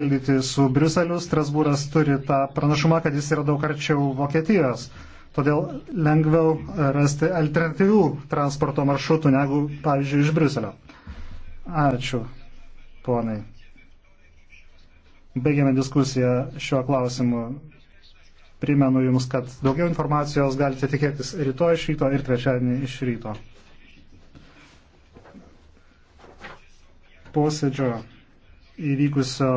lygti su Briuseliu, Strasbūras turi tą pranašumą, kad jis yra daug arčiau Vokietijos. Todėl lengviau rasti alternatyvių transporto maršrutų negu, pavyzdžiui, iš Briuselio. Ačiū, ponai. Baigiame diskusiją šiuo klausimu. Primenu Jums, kad daugiau informacijos galite tikėtis rytoj iš ryto ir trečiadienį iš ryto. Posėdžio įvykusio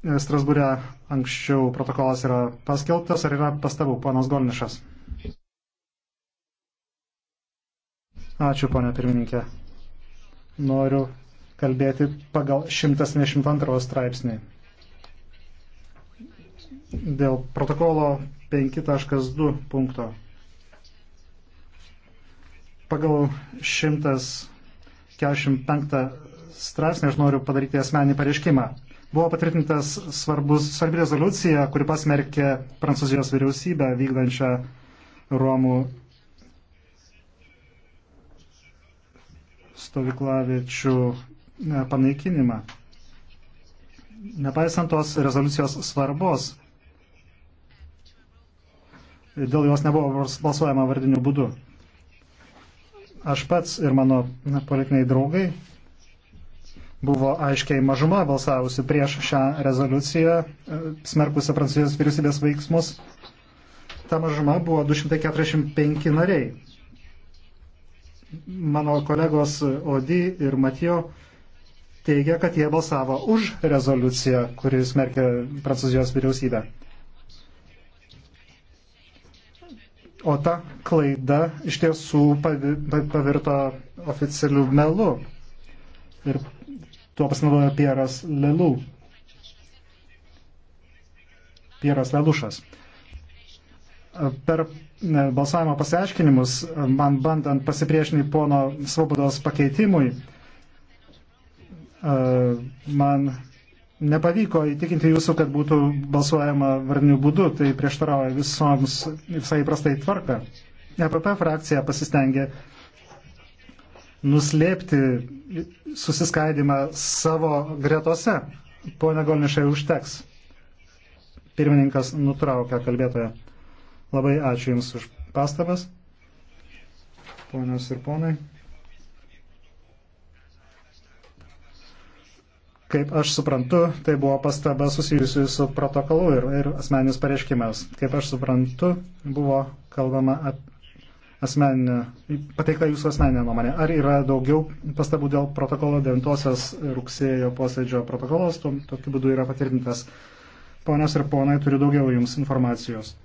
E, Strasbūre anksčiau protokolas yra paskelbtas, ar yra pastabų, ponas Golnišas? Ačiū, ponė pirmininkė. Noriu kalbėti pagal 122 straipsnį. Dėl protokolo 5.2 punkto. Pagal 145 straipsnį aš noriu padaryti asmenį pareiškimą. Buvo patvirtintas svarbus, svarbi rezoliucija, kuri pasmerkė Prancūzijos vyriausybę vykdančią Romų stovyklavičių e, panaikinimą. Nepaisant tos rezoliucijos svarbos, dėl jos nebuvo balsuojama vardiniu būdu. Aš pats ir mano politiniai draugai buvo aiškiai mažuma balsavusi prieš šią rezoliuciją, e, smerkusi Prancūzijos vyriausybės veiksmus. Ta mažuma buvo 245 nariai. Mano kolegos Odi ir Matijo teigia, kad jie balsavo už rezoliuciją, kuri smerkia Prancūzijos vyriausybę. O ta klaida iš tiesų pavirto oficialių melų. Ir Tuo pasinaudojo Pieras Lelų. Pieras Lelušas. Per e, balsavimo pasiaiškinimus, e, man bandant pasipriešinti pono Svobodos pakeitimui, e, man nepavyko įtikinti jūsų, kad būtų balsuojama varnių būdu, tai prieštarauja visoms visai prastai tvarka. EPP frakcija pasistengė nuslėpti susiskaidimą savo gretose. Pone Golnišai, užteks. Pirmininkas nutraukia kalbėtoje. Labai ačiū Jums už pastabas. Ponios ir ponai. Kaip aš suprantu, tai buvo pastaba susijusi su protokolu ir, ir asmeninis pareiškimas. Kaip aš suprantu, buvo kalbama apie asmeninę, pateikta jūsų asmeninė nuomonė. Ar yra daugiau pastabų dėl protokolo 9 rugsėjo posėdžio protokolos, tokiu būdu yra patvirtintas. Ponios ir ponai, turiu daugiau jums informacijos.